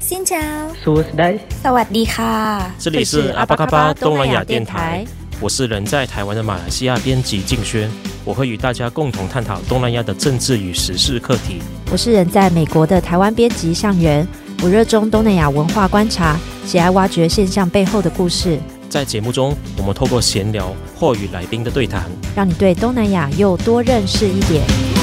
新 chào 這裡是阿峇卡巴東南亞電台，我是人在台灣的馬來西亞編輯靜軒，我會與大家共同探討東南亞的政治與時事課題。我是人在美國的台灣編輯向元，我熱衷東南亞文化觀察，喜愛挖掘現象背後的故事。在節目中，我們透過閒聊或與來賓的對談，讓你對東南亞又多認識一點。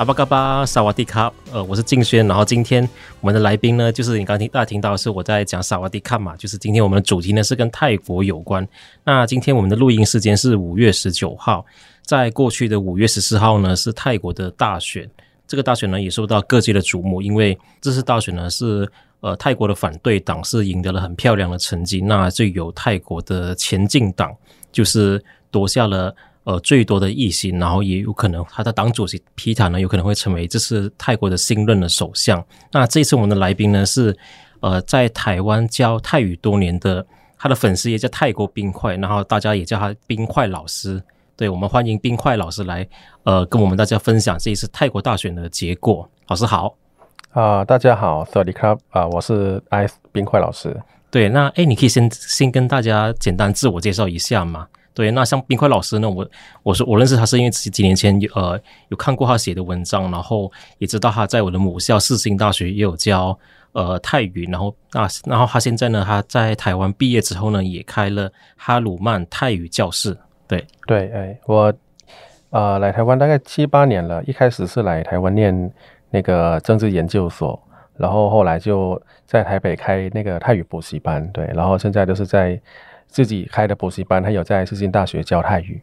阿峇卡巴薩瓦迪卡，呃，我是靜軒，然後今天我們的來賓呢，就是你剛聽大家聽到的是我在講薩瓦迪卡嘛？就是今天我們的主題呢是跟泰國有關。那今天我們的錄音時間是五月十九號，在過去的五月十四號呢是泰國的大選，這個大選呢也受到各界的矚目，因為這次大選呢是呃泰國的反對黨是贏得了很漂亮的成績，那就有泰國的前進黨就是奪下了，呃，最多的議席，然後也有可能他的黨主席皮塔呢，有可能會成為這次泰國的新任的首相。那這一次我們的來賓呢是呃，在台灣教泰語多年的，他的粉絲也叫泰國冰塊，然後大家也叫他冰塊老師。對，我們歡迎冰塊老師來呃，跟我們大家分享這一次泰國大選的結果。老師好，啊、呃，大家好 Sawasdee krap 啊，我是 Ice 冰塊老師。對，那哎，你可以先先跟大家簡單自我介紹一下嗎？對，那像冰塊老師呢？我我是我認識他是因為幾，幾年前，呃，有看過他寫的文章，然後也知道他在我的母校世新大學，也有教呃泰語，然後那、啊、然後他現在呢，他在台灣畢業之後呢，也開了哈努曼泰語教室。對對，哎，我呃來台灣大概七八年了，一開始是來台灣念那個政治研究所，然後後來就在台北開那個泰語補習班，對，然後現在都是在。自己開的補習班，他有在世新大學教泰語。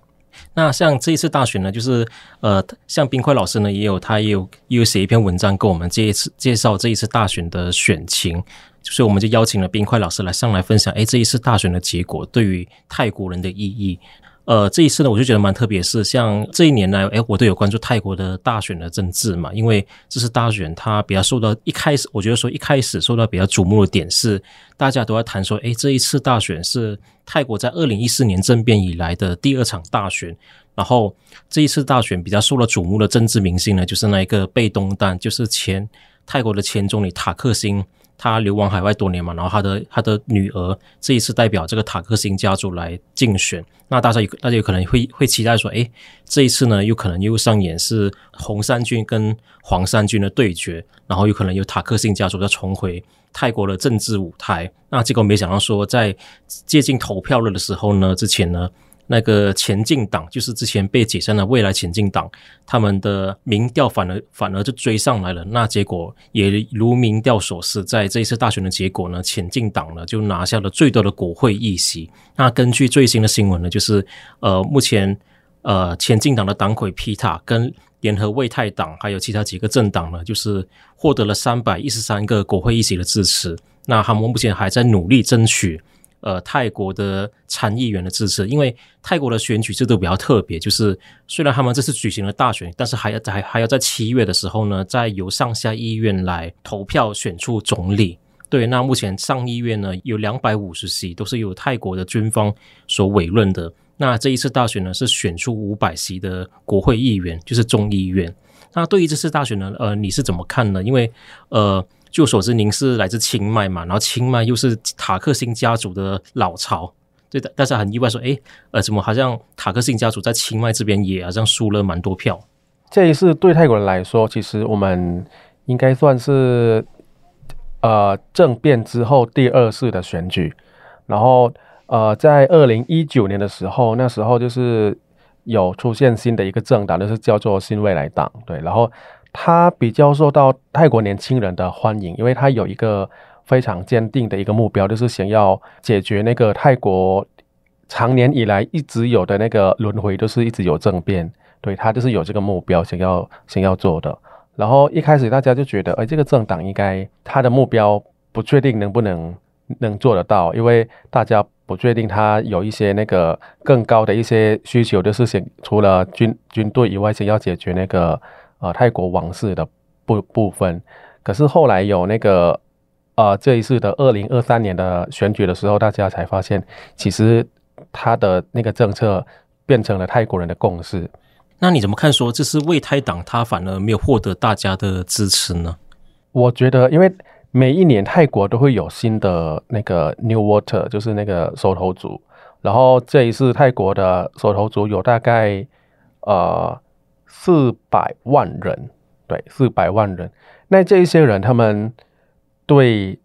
那像這一次大選呢，就是呃，像冰塊老師呢，也有他也有也有寫一篇文章跟我們介紹這一次大選的選情，所以我們就邀請了冰塊老師來上來分享。哎，這一次大選的結果對於泰國人的意義。呃，這一次呢，我就覺得蠻特別是，是像這一年來，哎，我都有關注泰國的大選的政治嘛，因為這次大選，它比較受到一開始，我覺得說一開始受到比較矚目的點是，大家都在談說，哎，這一次大選是泰國在二零一四年政變以來的第二場大選，然後這一次大選比較受到矚目的政治明星呢，就是那一個貝東丹，就是前泰國的前總理塔克辛，他流亡海外多年嘛，然後他的他的女兒這一次代表這個塔克辛家族來競選，那大家有大家有可能會會期待說，哎，這一次呢，有可能又上演是紅衫軍跟黃衫軍的對決，然後有可能有塔克辛家族要重回泰國的政治舞台，那結果沒想到說，在接近投票了的時候呢，之前呢。那個前進黨，就是之前被解散的未來前進黨，他們的民調反而反而就追上來了。那結果也如民調所示，在這一次大選的結果呢，前進黨呢就拿下了最多的國會議席。那根據最新的新聞呢，就是呃目前呃前進黨的黨魁皮塔跟聯合為泰黨還有其他幾個政黨呢，就是獲得了三百一十三個國會議席的支持。那他們目前還在努力爭取。呃，泰國的參議員的支持，因為泰國的選舉制度比較特別，就是雖然他們這次舉行了大選，但是還要還，還要在七月的時候呢，再由上下議院來投票選出總理。對，那目前上議院呢有兩百五十席，都是由泰國的軍方所委任的。那這一次大選呢是選出五百席的國會議員，就是眾議院。那對於這次大選呢，呃，你是怎麼看呢？因為呃。就所知，您是來自清邁嘛？然後清邁又是塔克辛家族的老巢，對的。但是很意外，說，哎，呃，怎麼好像塔克辛家族在清邁這邊也好像輸了蠻多票？這一次對泰國人來說，其實我們應該算是呃政變之後第二次的選舉。然後呃，在二零一九年的時候，那時候就是有出現新的一個政黨，那、就是叫做新未來黨，對。然後。他比較受到泰國年輕人的歡迎，因為他有一個非常堅定的一個目標，就是想要解決那個泰國長年以來一直有的那個輪回，都、就是一直有政變。對，他就是有這個目標，想要想要做的。然後一開始大家就覺得，哎，這個政黨應該他的目標不確定能不能能做得到，因為大家不確定他有一些那個更高的一些需求，就是想除了軍軍隊以外，想要解決那個。啊、呃，泰國王室的部部分，可是後來有那個，啊、呃，這一次的二零二三年的選舉的時候，大家才發現，其實他的那個政策變成了泰國人的共識。那你怎麼看？說這是為泰黨，他反而沒有獲得大家的支持呢？我覺得，因為每一年泰國都會有新的那個 New Voter，就是那個首投族，然後這一次泰國的首投族有大概，呃。四百萬人，對，四百萬人。那這一些人，他們對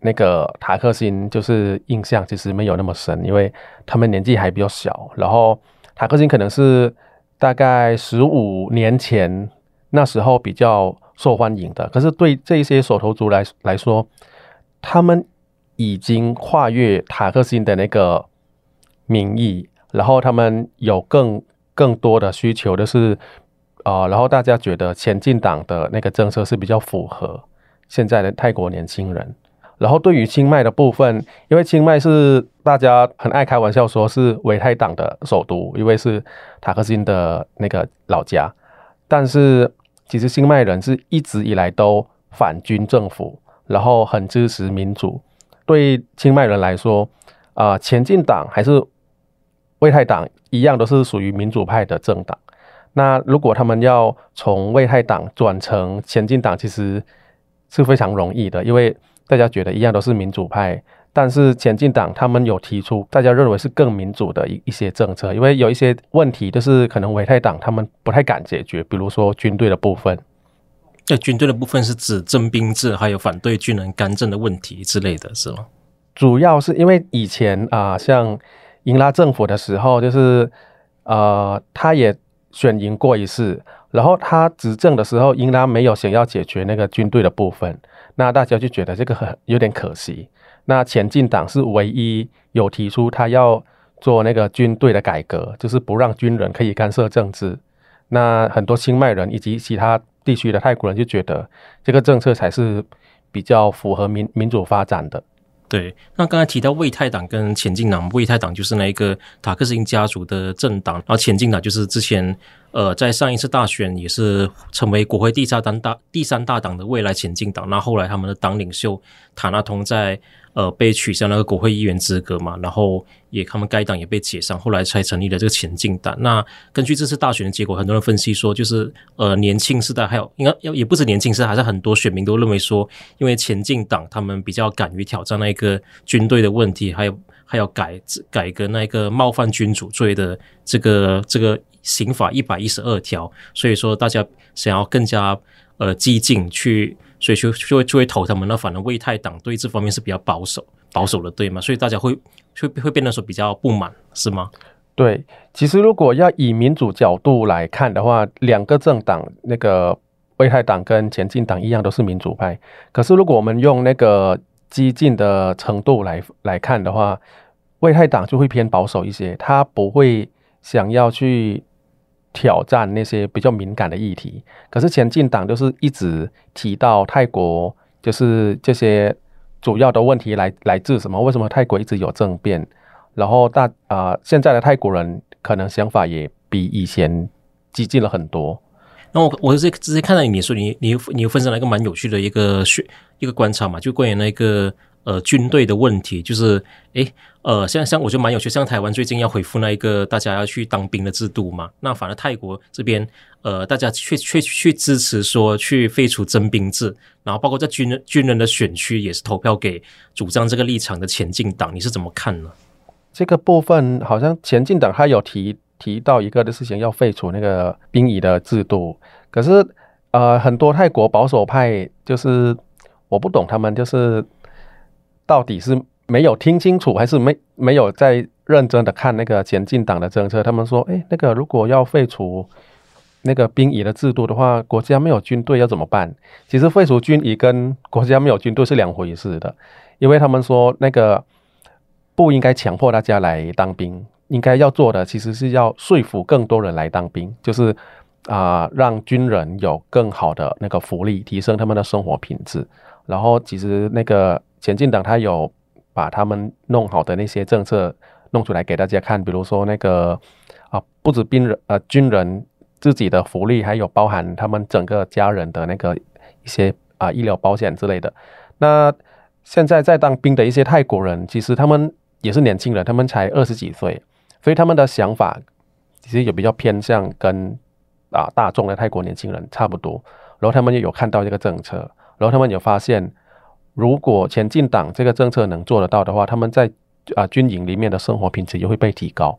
那個塔克辛就是印象其實沒有那麼深，因為他們年紀還比較小。然後塔克辛可能是大概十五年前那時候比較受歡迎的，可是對這些首投族來來說，他們已經跨越塔克辛的那個名義，然後他們有更更多的需求的，就是。啊、呃，然後大家覺得前進黨的那個政策是比較符合現在的泰國年輕人。然後對於清邁的部分，因為清邁是大家很愛開玩笑說是為泰黨的首都，因為是塔克辛的那個老家。但是其實清邁人是一直以來都反軍政府，然後很支持民主。對清邁人來說，啊、呃，前進黨還是為泰黨一樣，都是屬於民主派的政黨。那如果他們要從為泰黨轉成前進黨，其實是非常容易的，因為大家覺得一樣都是民主派。但是前進黨他們有提出大家認為是更民主的一一些政策，因為有一些問題就是可能為泰黨他們不太敢解決，比如說軍隊的部分。呃，軍隊的部分是指徵兵制，還有反對軍人干政的問題之類的是嗎？主要是因為以前啊，像英拉政府的時候，就是呃，他也。選贏過一次，然後他執政的時候，英拉沒有想要解決那個軍隊的部分，那大家就覺得這個很有點可惜。那前進黨是唯一有提出他要做那個軍隊的改革，就是不讓軍人可以干涉政治。那很多清邁人以及其他地區的泰國人就覺得這個政策才是比較符合民民主發展的。對，那剛才提到為泰黨跟前進黨，為泰黨就是那一個塔克辛家族的政黨，然後前進黨就是之前呃在上一次大選也是成為國會第三大第三大黨的未來前進黨，那後來他們的黨領袖塔納通在。呃，被取消那個國會議員資格嘛，然後也他們該黨也被解散，後來才成立了這個前進黨。那根據這次大選的結果，很多人分析說，就是呃年輕世代還有應該要也不止年輕世代，還是很多選民都認為說，因為前進黨他們比較敢於挑戰那一個軍隊的問題，還有還要改改革那一個冒犯君主罪的這個這個刑法一百一十二條，所以說大家想要更加呃激進去。所以就就會就會投他們，那反正為泰黨對這方面是比較保守、保守的，對嗎？所以大家會就會會變得說比較不滿，是嗎？對，其實如果要以民主角度來看的話，兩個政黨那個為泰黨跟前進黨一樣都是民主派，可是如果我們用那個激進的程度來來看的話，為泰黨就會偏保守一些，他不會想要去。挑戰那些比較敏感的議題，可是前進黨就是一直提到泰國，就是這些主要的問題來來自什麼？為什麼泰國一直有政變？然後大啊、呃，現在的泰國人可能想法也比以前激進了很多。那我我是直接看到你說，你你你又分享了一個蠻有趣的一個學一個觀察嘛，就關於那個。呃，軍隊的問題就是，哎，呃，像像，我就蠻有趣，像台灣最近要恢復那一個大家要去當兵的制度嘛。那反而泰國這邊，呃，大家去去去支持說去廢除徵兵制，然後包括在軍人軍人的選區也是投票給主張這個立場的前進黨。你是怎麼看呢？這個部分好像前進黨他有提提到一個的事情，要廢除那個兵役的制度。可是，呃，很多泰國保守派就是我不懂他們就是。到底是沒有聽清楚，還是沒沒有在認真的看那個前進黨的政策？他們說，哎，那個如果要廢除那個兵役的制度的話，國家沒有軍隊要怎麼辦？其實廢除軍役跟國家沒有軍隊是兩回事的，因為他們說那個不應該強迫大家來當兵，應該要做的其實是要說服更多人來當兵，就是啊，讓軍人有更好的那個福利，提升他們的生活品質。然後其實那個。前進黨他有把他們弄好的那些政策弄出來給大家看，比如說那個啊，不止兵人呃軍人自己的福利，還有包含他們整個家人的那個一些啊醫療保險之類的。那現在在當兵的一些泰國人，其實他們也是年輕人，他們才二十幾歲，所以他們的想法其實有比較偏向跟啊大眾的泰國年輕人差不多。然後他們有看到這個政策，然後他們有發現。如果前進黨這個政策能做得到的話，他們在啊、呃、軍營裡面的生活品質也會被提高，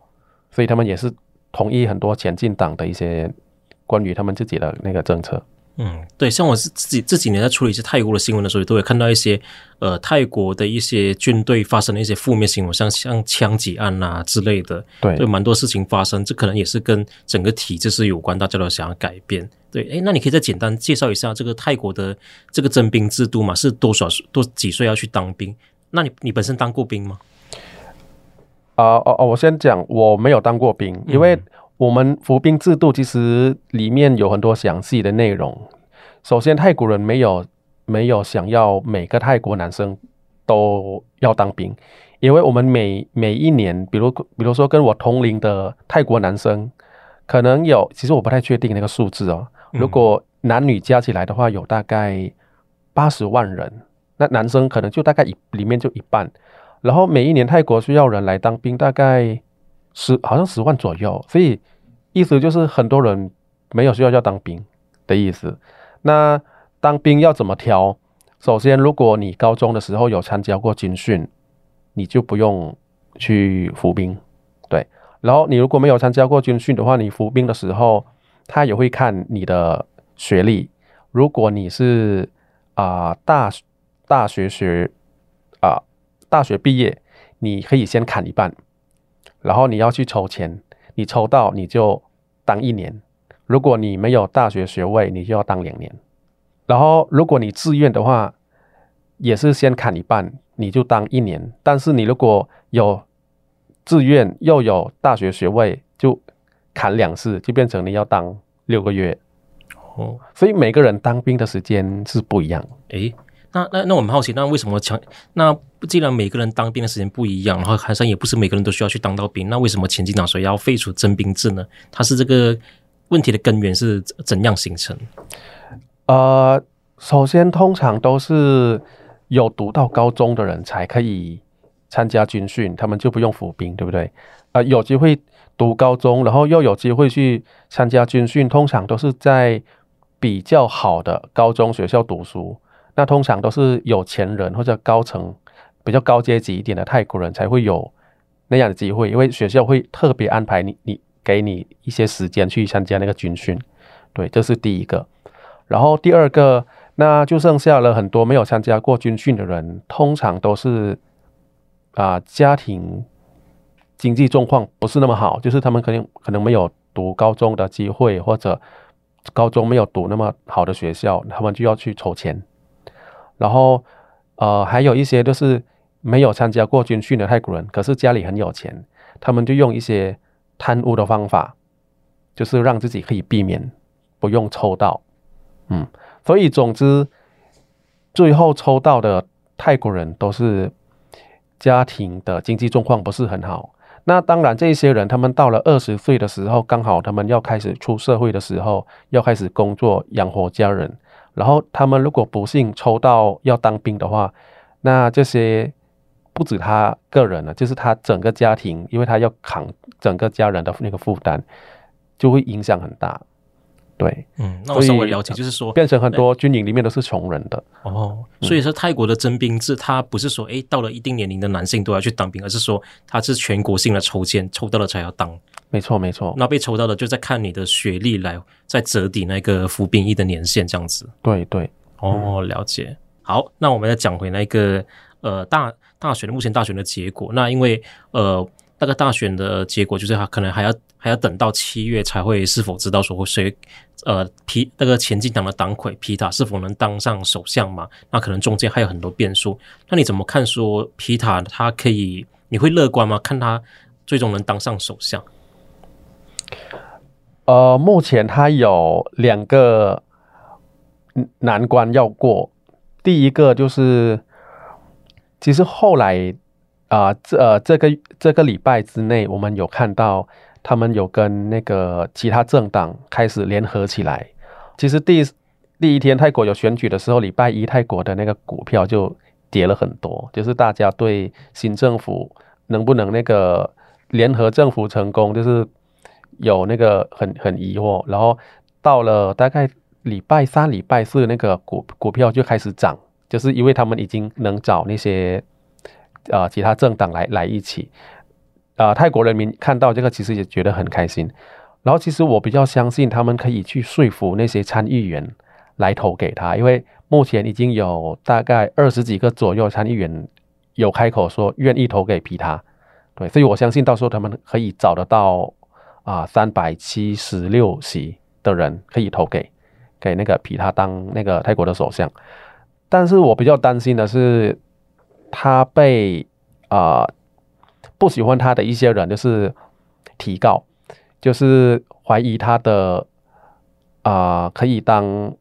所以他們也是同意很多前進黨的一些關於他們自己的那個政策。嗯，對，像我自自己這幾年在處理一些泰國的新聞的時候，也都會看到一些呃泰國的一些軍隊發生了一些負面新聞，像像槍擊案啊之類的，對，就蠻多事情發生，這可能也是跟整個體制是有關，大家都想要改變。對，誒，那你可以再簡單介紹一下這個泰國的這個徵兵制度嘛？是多少多幾歲要去當兵？那你你本身當過兵嗎？啊哦哦，我先講，我沒有當過兵，嗯、因為。我們服兵制度其實裡面有很多詳細的內容。首先，泰國人沒有沒有想要每個泰國男生都要當兵，因為我們每每一年，比如比如說跟我同齡的泰國男生，可能有，其實我不太確定那個數字哦。如果男女加起來的話，有大概八十萬人，那男生可能就大概一裡面就一半。然後每一年泰國需要人來當兵，大概。十好像十萬左右，所以意思就是很多人沒有需要要當兵的意思。那當兵要怎麼挑？首先，如果你高中的時候有參加過軍訓，你就不用去服兵。對，然後你如果沒有參加過軍訓的話，你服兵的時候，他也會看你的學歷。如果你是啊、呃、大大學學啊、呃、大學畢業，你可以先砍一半。然後你要去抽籤，你抽到你就當一年；如果你沒有大學學位，你就要當兩年。然後如果你自願的話，也是先砍一半，你就當一年。但是你如果有自願又有大學學位，就砍兩次，就變成你要當六個月。哦，所以每個人當兵的時間是不一樣。誒，那那那我們好奇，那為什麼強那？既然每個人當兵的時間不一樣，然後還算，也不是每個人都需要去當到兵，那為什麼前進黨說要廢除徵兵制呢？它是這個問題的根源是怎樣形成？呃，首先通常都是有讀到高中的人才可以參加軍訓，他們就不用服兵，對不對？啊、呃，有機會讀高中，然後又有機會去參加軍訓，通常都是在比較好的高中學校讀書，那通常都是有錢人或者高層。比較高階級一點的泰國人才會有那樣的機會，因為學校會特別安排你，你給你一些時間去參加那個軍訓。對，這是第一個。然後第二個，那就剩下了很多沒有參加過軍訓的人，通常都是啊、呃，家庭經濟狀況不是那麼好，就是他們可能可能沒有讀高中的機會，或者高中沒有讀那麼好的學校，他們就要去籌錢。然後呃，還有一些就是。沒有參加過軍訓的泰國人，可是家裡很有錢，他們就用一些貪污的方法，就是讓自己可以避免不用抽到，嗯，所以總之，最後抽到的泰國人都是家庭的經濟狀況不是很好。那當然，這些人他們到了二十歲的時候，剛好他們要開始出社會的時候，要開始工作養活家人。然後他們如果不幸抽到要當兵的話，那這些。不止他個人了，就是他整個家庭，因為他要扛整個家人的那個負擔，就會影響很大。對，嗯，那我稍微了解，就是說變成很多軍營裡面都是窮人的哦。所以說泰國的徵兵制，他不是說誒到了一定年齡的男性都要去當兵，嗯、而是說他是全國性的抽籤，抽到了才要當。沒錯，沒錯。那被抽到的就在看你的學歷來再折抵那個服兵役的年限，這樣子。對對，對哦，了解。嗯、好，那我們再講回那個呃大。大選的目前大選的結果，那因為呃，那個大選的結果就是他可能還要還要等到七月才會是否知道說會誰呃皮那個前進黨的黨魁皮塔是否能當上首相嘛？那可能中間還有很多變數。那你怎麼看說皮塔他可以？你會樂觀嗎？看他最終能當上首相？呃，目前他有兩個難關要過，第一個就是。其實後來，啊、呃，這、呃、這個這個禮拜之內，我們有看到他們有跟那個其他政黨開始聯合起來。其實第一第一天泰國有選舉的時候，禮拜一泰國的那個股票就跌了很多，就是大家對新政府能不能那個聯合政府成功，就是有那個很很疑惑。然後到了大概禮拜三、禮拜四，那個股股票就開始漲。就是因為他們已經能找那些，呃，其他政黨來來一起，啊、呃，泰國人民看到這個其實也覺得很開心。然後其實我比較相信他們可以去說服那些參議員來投給他，因為目前已經有大概二十幾個左右參議員有開口說願意投給皮塔。對，所以我相信到時候他們可以找得到啊、呃，三百七十六席的人可以投給給那個皮塔當那個泰國的首相。但是我比較擔心的是，他被啊、呃、不喜歡他的一些人就是提告，就是懷疑他的啊、呃、可以當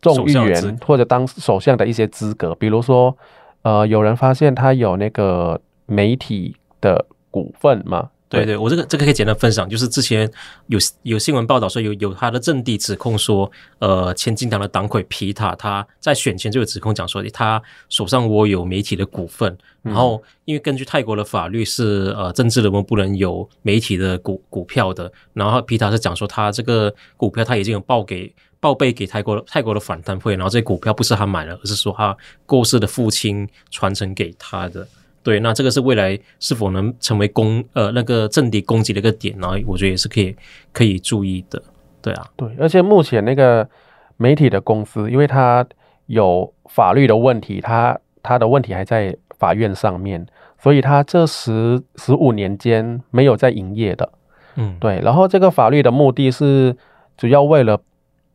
眾議員或者當首相的一些資格。比如說，呃，有人發現他有那個媒體的股份嘛。對對，我這個這個可以簡單分享，就是之前有有新聞報道說有有他的政敵指控說，呃，前進黨的黨魁皮塔他在選前就有指控講說，他手上握有媒體的股份，然後因為根據泰國的法律是呃政治人物不能有媒體的股股票的，然後皮塔是講說，他這個股票他已經有報給報備給泰國泰國的反貪會，然後這股票不是他買的，而是說他過世的父親傳承給他的。對，那這個是未來是否能成為攻呃那個政敵攻擊的一個點，啊，然後我覺得也是可以可以注意的，對啊。對，而且目前那個媒體的公司，因為它有法律的問題，它它的問題還在法院上面，所以它這十十五年間沒有在營業的。嗯，對。然後這個法律的目的是主要為了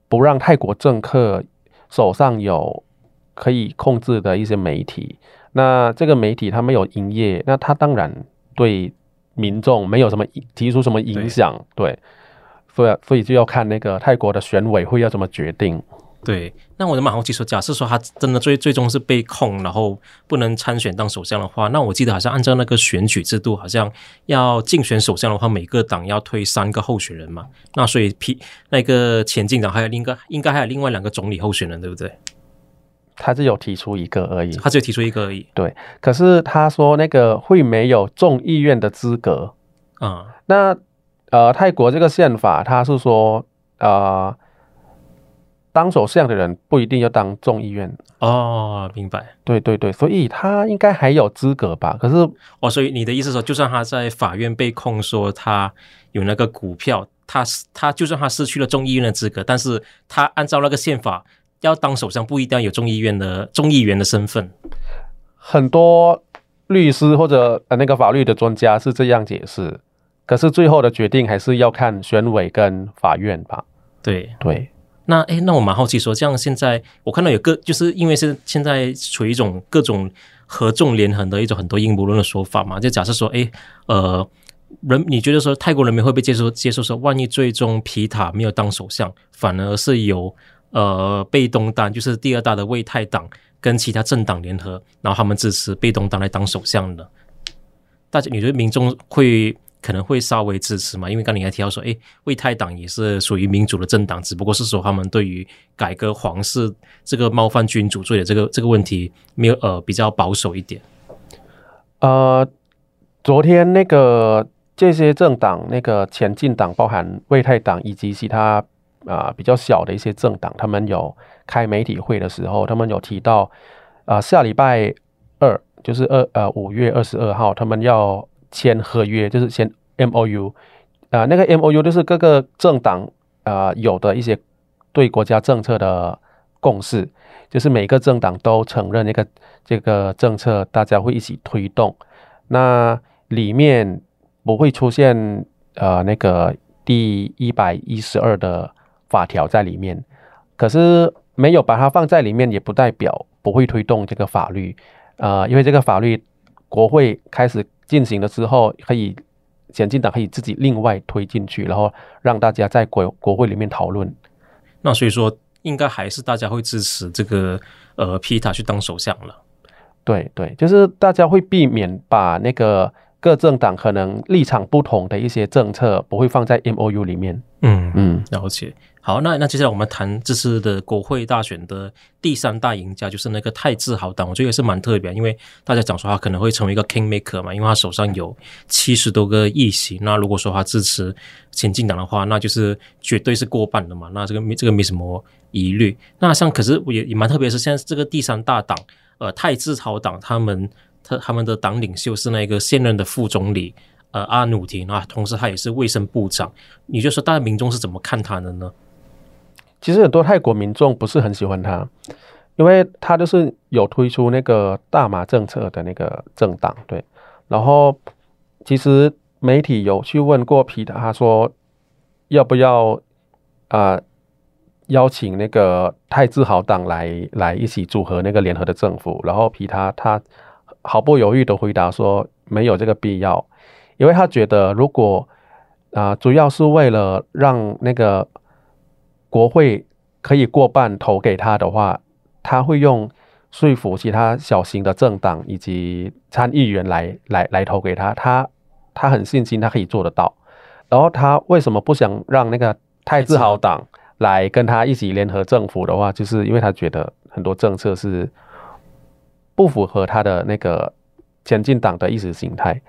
不讓泰國政客手上有可以控制的一些媒體。那這個媒體他沒有營業，那他當然對民眾沒有什麼提出什麼影響，對，對，所以所以就要看那個泰國的選委會要怎麼決定。對，那我的馬後奇說假，假設說他真的最最終是被控，然後不能參選當首相的話，那我記得好像按照那個選舉制度，好像要競選首相的話，每個黨要推三個候選人嘛，那所以，批，那個前進黨還有另一個應該還有另外兩個總理候選人，對不對？他只有提出一個而已，他只有提出一個而已。對，可是他說那個會沒有眾議院的資格。啊、嗯。那呃，泰國這個憲法，他是說呃，當首相的人不一定要當眾議院。哦，明白。對對對，所以他應該還有資格吧？可是哦，所以你的意思說，就算他在法院被控說他有那個股票，他他就算他失去了眾議院的資格，但是他按照那個憲法。要當首相不一定要有眾議院的眾議員的身份，很多律師或者呃那個法律的專家是這樣解釋，可是最後的決定還是要看選委跟法院吧。對對，對那哎，那我蠻好奇說，像現在我看到有個，就是因為是現在處於一種各種合縱連橫的一種很多陰謀論的說法嘛，就假設說，哎呃，人你覺得說泰國人民會不會接受接受說，萬一最終皮塔沒有當首相，反而是由。呃，貝東丹就是第二大的為泰黨，跟其他政黨聯合，然後他們支持貝東丹來當首相的。大家你覺得民眾會可能會稍微支持嗎？因為剛剛你還提到說，誒、哎，為泰黨也是屬於民主的政黨，只不過是說他們對於改革皇室這個冒犯君主罪的這個這個問題，沒有呃比較保守一點。呃，昨天那個這些政黨，那個前進黨包含為泰黨以及其他。啊、呃，比較小的一些政黨，他們有開媒體會的時候，他們有提到，啊、呃，下禮拜二就是二呃五月二十二號，他們要簽合約，就是簽 MOU，啊、呃，那個 MOU 就是各個政黨啊、呃、有的一些對國家政策的共識，就是每個政黨都承認那個這個政策，大家會一起推動，那裡面不會出現呃那個第一百一十二的。法條在裡面，可是沒有把它放在裡面，也不代表不會推動這個法律。呃，因為這個法律，國會開始進行了之後，可以前進黨可以自己另外推進去，然後讓大家在國國會裡面討論。那所以說，應該還是大家會支持這個呃皮塔去當首相了。對對，就是大家會避免把那個。各政黨可能立場不同的一些政策不會放在 MOU 裡面。嗯嗯，了解。好，那那接下來我們談這次的國會大選的第三大贏家，就是那個泰自豪黨。我覺得也是蠻特別，因為大家講說他可能會成為一個 Kingmaker 嘛，因為他手上有七十多個議席。那如果說他支持前進黨的話，那就是絕對是過半的嘛。那這個沒這個沒什麼疑慮。那像可是也也蠻特別，是現在這個第三大黨呃泰自豪黨他們。他他們的黨領袖是那個現任的副總理呃阿努廷啊，同時他也是衛生部長。你就說大家民眾是怎麼看他的呢？其實很多泰國民眾不是很喜歡他，因為他就是有推出那個大麻政策的那個政黨對。然後其實媒體有去問過皮塔，說要不要啊、呃、邀請那個泰自豪黨來來一起組合那個聯合的政府，然後皮塔他。毫不猶豫的回答說：“沒有這個必要，因為他覺得如果，啊、呃，主要是為了讓那個國會可以過半投給他的話，他會用說服其他小型的政黨以及參議員來來來投給他。他他很信心，他可以做得到。然後他為什麼不想讓那個泰自豪黨來跟他一起聯合政府的話，就是因為他覺得很多政策是。”不符合他的那個前進黨的意識形態。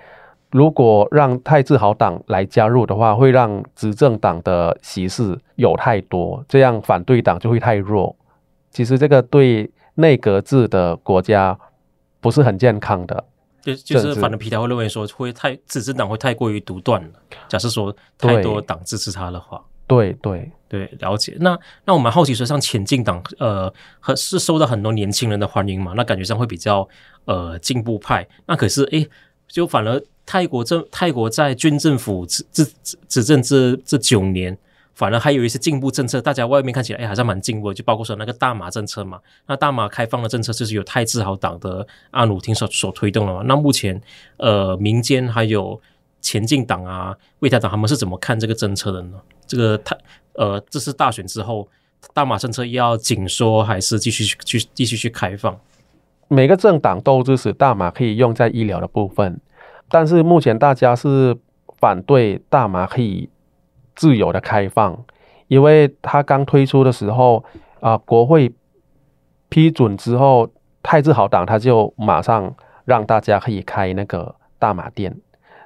如果讓泰自豪黨來加入的話，會讓執政黨的席次有太多，這樣反對黨就會太弱。其實這個對內閣制的國家不是很健康的，就就是反正皮條會認為說會太執政黨會太過於獨斷。假設說太多黨支持他的話，對對。對對對，了解。那那我們好奇說，像前進黨，呃，很是受到很多年輕人的歡迎嘛。那感覺上會比較呃進步派。那可是哎，就反而泰國政泰國在軍政府執執執、執政這這九年，反而還有一些進步政策。大家外面看起來哎，好像蠻進步，就包括說那個大麻政策嘛。那大麻開放的政策就是由泰自豪黨的阿努廷所所推動的嘛。那目前呃，民間還有前進黨啊、為泰黨他們是怎麼看這個政策的呢？這個泰。呃，這次大選之後，大麻政策要緊縮還是繼續去繼續去開放？每個政黨都支持大麻可以用在醫療的部分，但是目前大家是反對大麻可以自由的開放，因為他剛推出的時候啊、呃，國會批准之後，泰自豪黨他就馬上讓大家可以開那個大麻店，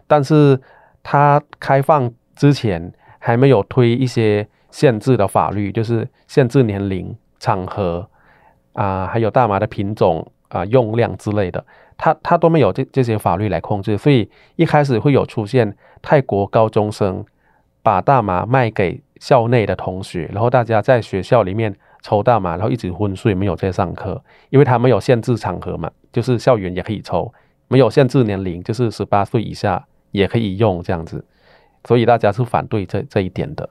但是他開放之前還沒有推一些。限制的法律就是限制年齡、場合啊、呃，還有大麻的品種啊、呃、用量之類的，他他都沒有這這些法律來控制，所以一開始會有出現泰國高中生把大麻賣給校內的同學，然後大家在學校裡面抽大麻，然後一直昏睡沒有在上課，因為他沒有限制場合嘛，就是校園也可以抽，沒有限制年齡，就是十八歲以下也可以用這樣子，所以大家是反對這這一點的。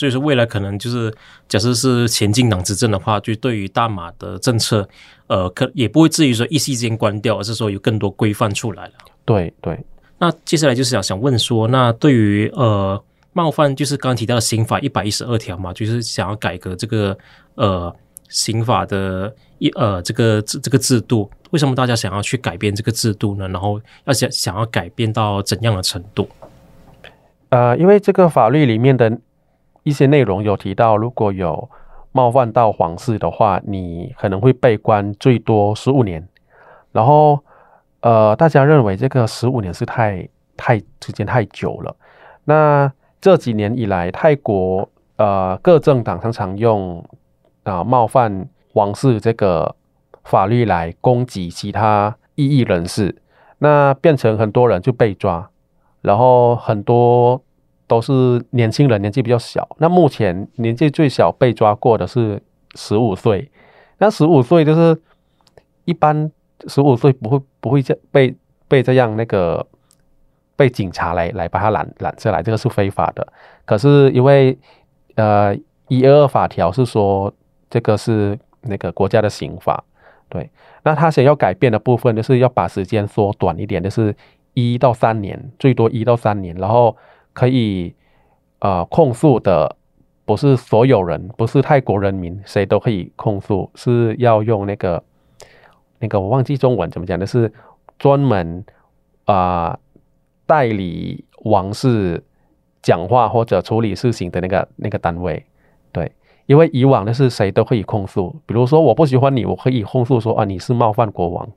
所以說，未來可能就是，假設是前進黨執政的話，就對於大馬的政策，呃，可也不會至於說一夕間關掉，而是說有更多規範出來了。對對。對，那接下來就是想想問說，那對於呃冒犯，就是剛提到的刑法一百一十二條嘛，就是想要改革這個呃刑法的一呃這個這個制度，為什麼大家想要去改變這個制度呢？然後要想想要改變到怎樣的程度？呃，因為這個法律裡面的。一些內容有提到，如果有冒犯到皇室的話，你可能會被關最多十五年。然後，呃，大家認為這個十五年是太太時間太久了。那這幾年以來，泰國呃各政黨常常用啊、呃、冒犯皇室這個法律來攻擊其他異議人士，那變成很多人就被抓，然後很多。都是年輕人，年紀比較小。那目前年紀最小被抓過的是十五歲。那十五歲就是一般十五歲不會不會這被被這樣那個被警察來來把他攔攔下來，這個是非法的。可是因為呃一一二法條是說這個是那個國家的刑法對。那他想要改變的部分就是要把時間縮短一點，就是一到三年，最多一到三年，然後。可以，啊、呃，控訴的不是所有人，不是泰國人民，誰都可以控訴，是要用那個那個我忘記中文怎麼講的，是專門啊、呃，代理王室講話或者處理事情的那個那個單位，對，因為以往的是誰都可以控訴，比如說我不喜歡你，我可以控訴說啊你是冒犯國王，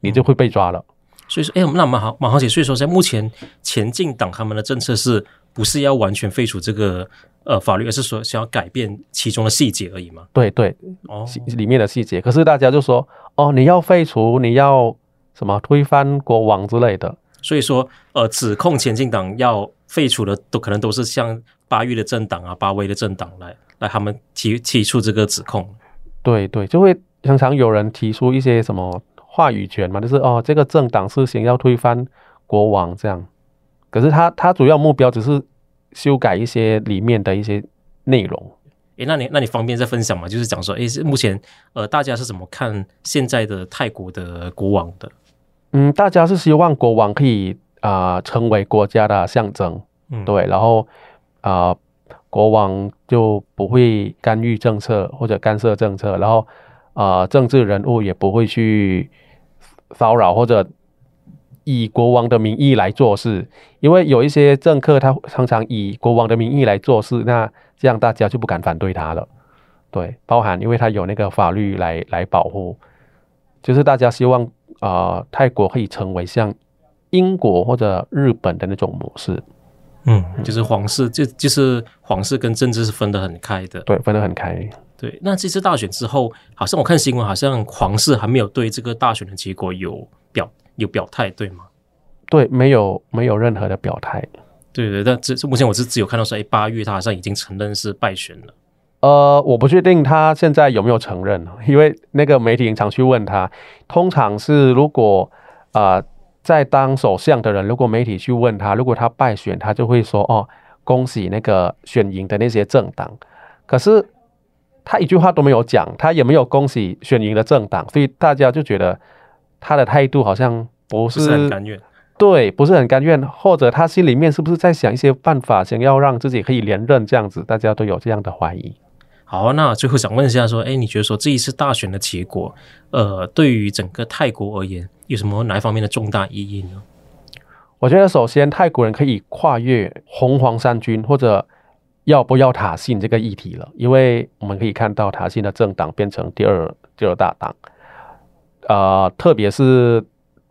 你就會被抓了。嗯所以說，哎，我們那馬好馬航姐，所以說，現在目前前進黨他們的政策是，不是要完全廢除這個呃法律，而是說想要改變其中的細節而已嘛？對對，哦，裡面的細節。可是大家就說，哦，你要廢除，你要什麼推翻國王之類的。所以說，呃，指控前進黨要廢除的都，都可能都是像巴育的政黨啊、巴威的政黨來來，他們提提出這個指控。對對，就會常常有人提出一些什麼。話語權嘛，就是哦，這個政黨是想要推翻國王這樣，可是他他主要目標只是修改一些裡面的一些內容。誒、欸，那你那你方便再分享嗎？就是講說，誒、欸，目前呃，大家是怎麼看現在的泰國的國王的？嗯，大家是希望國王可以啊、呃、成為國家的象徵，嗯，對，然後啊、呃，國王就不會干預政策或者干涉政策，然後啊、呃，政治人物也不會去。騷擾或者以國王的名義來做事，因為有一些政客他常常以國王的名義來做事，那這樣大家就不敢反對他了。對，包含因為他有那個法律來來保護，就是大家希望啊、呃，泰國可以成為像英國或者日本的那種模式。嗯，就是皇室就就是皇室跟政治是分得很開的，對，分得很開。對，那這次大選之後，好像我看新聞，好像皇室還沒有對這個大選的結果有表有表態，對嗎？對，沒有沒有任何的表態。對對，但只目前我是只有看到說，哎，八月他好像已經承認是敗選了。呃，我不確定他現在有沒有承認，因為那個媒體常去問他，通常是如果啊、呃、在當首相的人，如果媒體去問他，如果他敗選，他就會說哦，恭喜那個選贏的那些政黨。可是。他一句話都沒有講，他也沒有恭喜選贏的政黨，所以大家就覺得他的態度好像不是，不是很甘願，對，不是很甘願，或者他心裡面是不是在想一些辦法，想要讓自己可以連任這樣子？大家都有這樣的懷疑。好啊，那最後想問一下，說，誒，你覺得說，這一次大選的結果，呃，對於整個泰國而言，有什麼哪一方面的重大意義呢？我覺得首先，泰國人可以跨越紅黃衫軍，或者。要不要塔信這個議題了？因為我們可以看到塔信的政黨變成第二第二大黨，啊、呃，特別是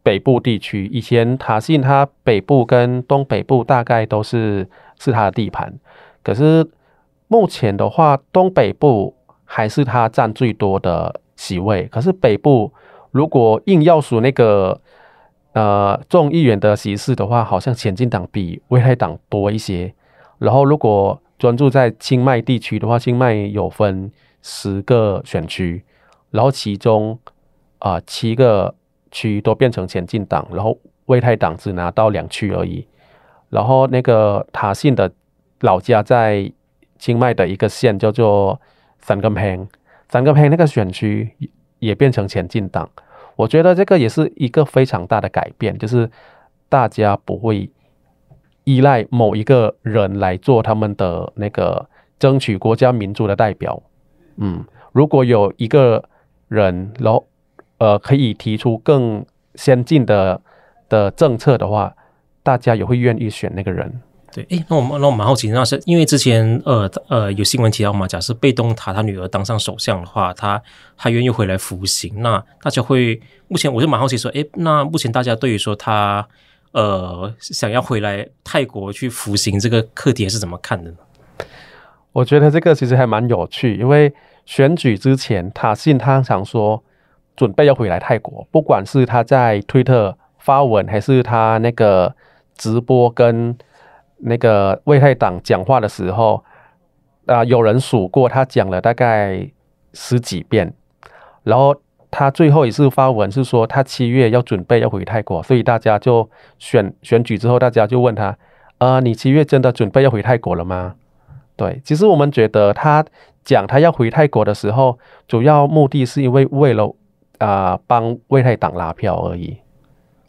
北部地區，以前塔信它北部跟東北部大概都是是它的地盤，可是目前的話，東北部還是它佔最多的席位，可是北部如果硬要數那個呃眾議員的席次的話，好像前進黨比為泰黨多一些，然後如果專注在清邁地區的話，清邁有分十個選區，然後其中啊、呃、七個區都變成前進黨，然後為泰黨只拿到兩區而已。然後那個塔信的老家在清邁的一個縣叫做三根坪，三根坪那個選區也變成前進黨。我覺得這個也是一個非常大的改變，就是大家不會。依賴某一個人來做他們的那個爭取國家民主的代表，嗯，如果有一個人，然後呃，可以提出更先進的的政策的話，大家也會願意選那個人。對，哎、欸，那我們那我蠻好奇，那是因為之前呃呃有新聞提到嘛，假設貝東丹他女兒當上首相的話，他他願意回來服刑，那大家會目前我就蠻好奇說，哎、欸，那目前大家對於說他呃，想要回來泰國去服刑這個課題是怎麼看的呢？我覺得這個其實還蠻有趣，因為選舉之前，塔信他常說準備要回來泰國，不管是他在推特發文，還是他那個直播跟那個為泰黨講話的時候，啊、呃，有人數過他講了大概十幾遍，然後。他最後一次發文是說，他七月要準備要回泰國，所以大家就選選舉之後，大家就問他，呃，你七月真的準備要回泰國了嗎？對，其實我們覺得他講他要回泰國的時候，主要目的是因為為了啊幫為泰黨拉票而已。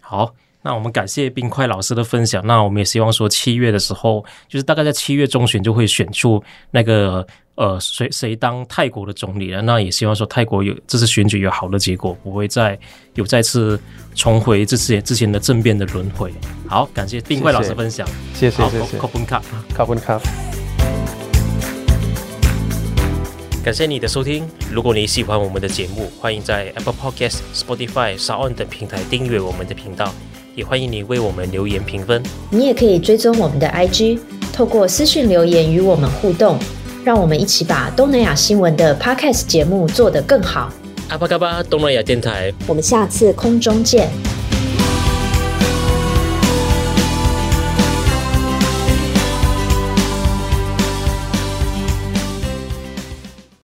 好，那我們感謝冰塊老師的分享，那我們也希望說七月的時候，就是大概在七月中旬就會選出那個。呃，誰誰當泰國的總理了？那也希望說泰國有這次選舉有好的結果，不會再有再次重回這次之前的政變的輪回。好，感謝冰塊老師分享，謝謝謝謝。好，卡布卡，卡布卡。卡感謝你的收聽。如果你喜歡我們的節目，歡迎在 Apple Podcast、Spotify、Sound 等平台訂閱我們的頻道，也歡迎你為我們留言評分。你也可以追蹤我們的 IG，透過私訊留言與我們互動。讓我們一起把東南亞新聞的 Podcast 節目做得更好。阿峇卡巴東南亞電台，我們下次空中見。